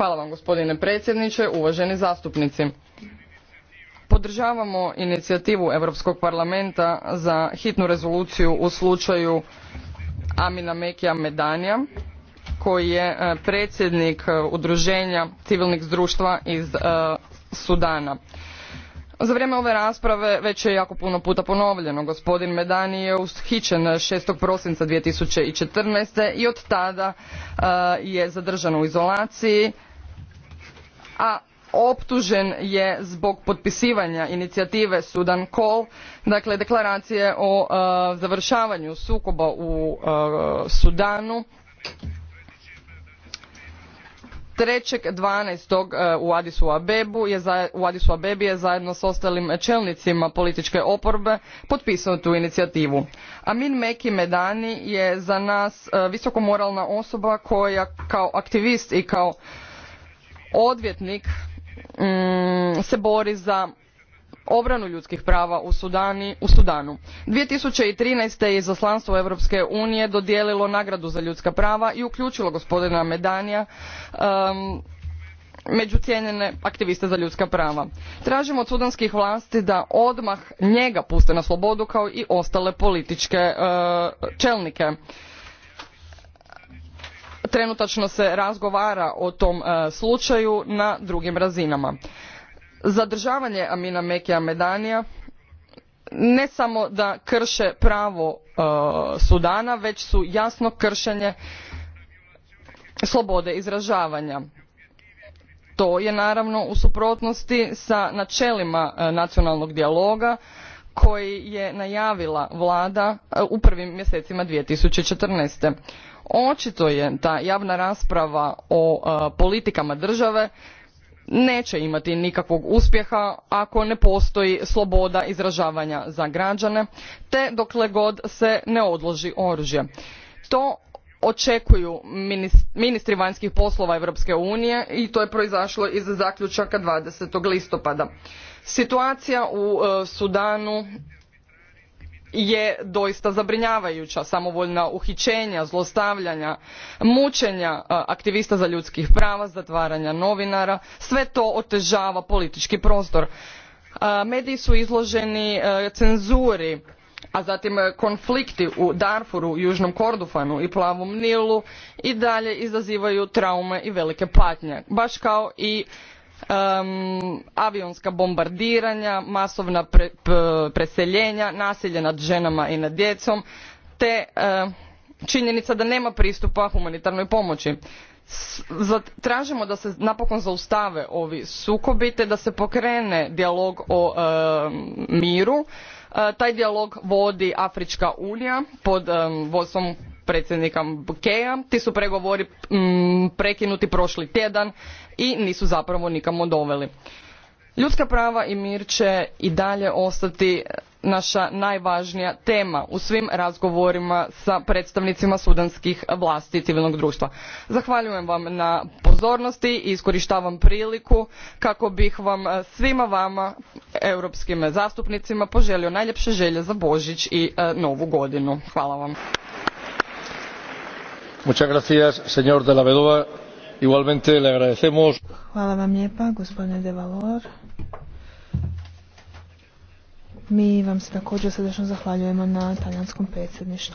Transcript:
Hvala vam gospodine predsjedniče, uvaženi zastupnici. Podržavamo inicijativu Europskog parlamenta za hitnu rezoluciju u slučaju Amina Mekija Medanija koji je e, predsjednik e, udruženja civilnih društva iz e, Sudana. Za vrijeme ove rasprave već je jako puno puta ponovljeno. Gospodin Medani je ushićen 6. prosinca 2014. i od tada je zadržan u izolaciji a optužen je zbog potpisivanja inicijative Sudan Call, dakle deklaracije o e, završavanju sukoba u e, Sudanu three. u Adisu je u Adisu Abebi je zajedno s ostalim čelnicima političke oporbe potpisao tu inicijativu. Amin Meki Medani je za nas e, visokomoralna osoba koja kao aktivist i kao odvjetnik mm, se bori za obranu ljudskih prava u, sudanu. two thousand and je izaslanstvo europske unije dodijelilo nagradu za ljudska prava i uključilo gospodina medanija među cijenjene aktiviste za ljudska prava. tražimo od sudanskih vlasti da odmah njega puste na slobodu kao i ostale političke e, čelnike trenutačno se razgovara o tom e, slučaju na drugim razinama zadržavanje amina mekija medanija ne samo da krše pravo e, sudana već su jasno kršenje slobode izražavanja to je naravno u suprotnosti sa načelima e, nacionalnog dijaloga koji je najavila vlada e, u prvim mjesecima 2014. Očito je da javna rasprava o e, politikama države neće imati nikakvog uspjeha ako ne postoji sloboda izražavanja za građane te dokle god se ne odloži oružje. To očekuju ministri vanjskih poslova europske unije i to je proizašlo iz zaključaka. twenty listopada situacija u e, sudanu je doista zabrinjavajuća samovoljna uhićenja zlostavljanja mučenja e, aktivista za ljudskih prava zatvaranja novinara sve to otežava politički prostor e, mediji su izloženi cenzuri a zatim e, konflikti u Darfuru, Južnom Kordofanu i Plavom Nilu i dalje izazivaju traume i velike patnje, baš kao i avionska bombardiranja, masovna preseljenja, nasilje nad ženama i nad djecom, te e, činjenica da nema pristupa humanitarnoj pomoći. Tražimo da se napokon zaustave ovi sukobi te da se pokrene dijalog o e, miru E, taj dijalog vodi afrička unija pod vodstvom predsjednika bokea Ti su pregovori prekinuti prošli tjedan i nisu zapravo nikamo doveli. Ljudska prava i mir će i dalje ostati naša najvažnija tema u svim razgovorima sa predstavnicima sudanskih vlasti i civilnog društva. Zahvaljujem vam na pozornosti i iskorištavam priliku kako bih vam e, svima vama europskim zastupnicima poželio najljepše želje za Božić i e, Novu godinu. Hvala vam. Hvala vam lijepa, gospodine de Valor. Mi vam se također srdečno zahvaljujemo na talijanskom predsjedništvu.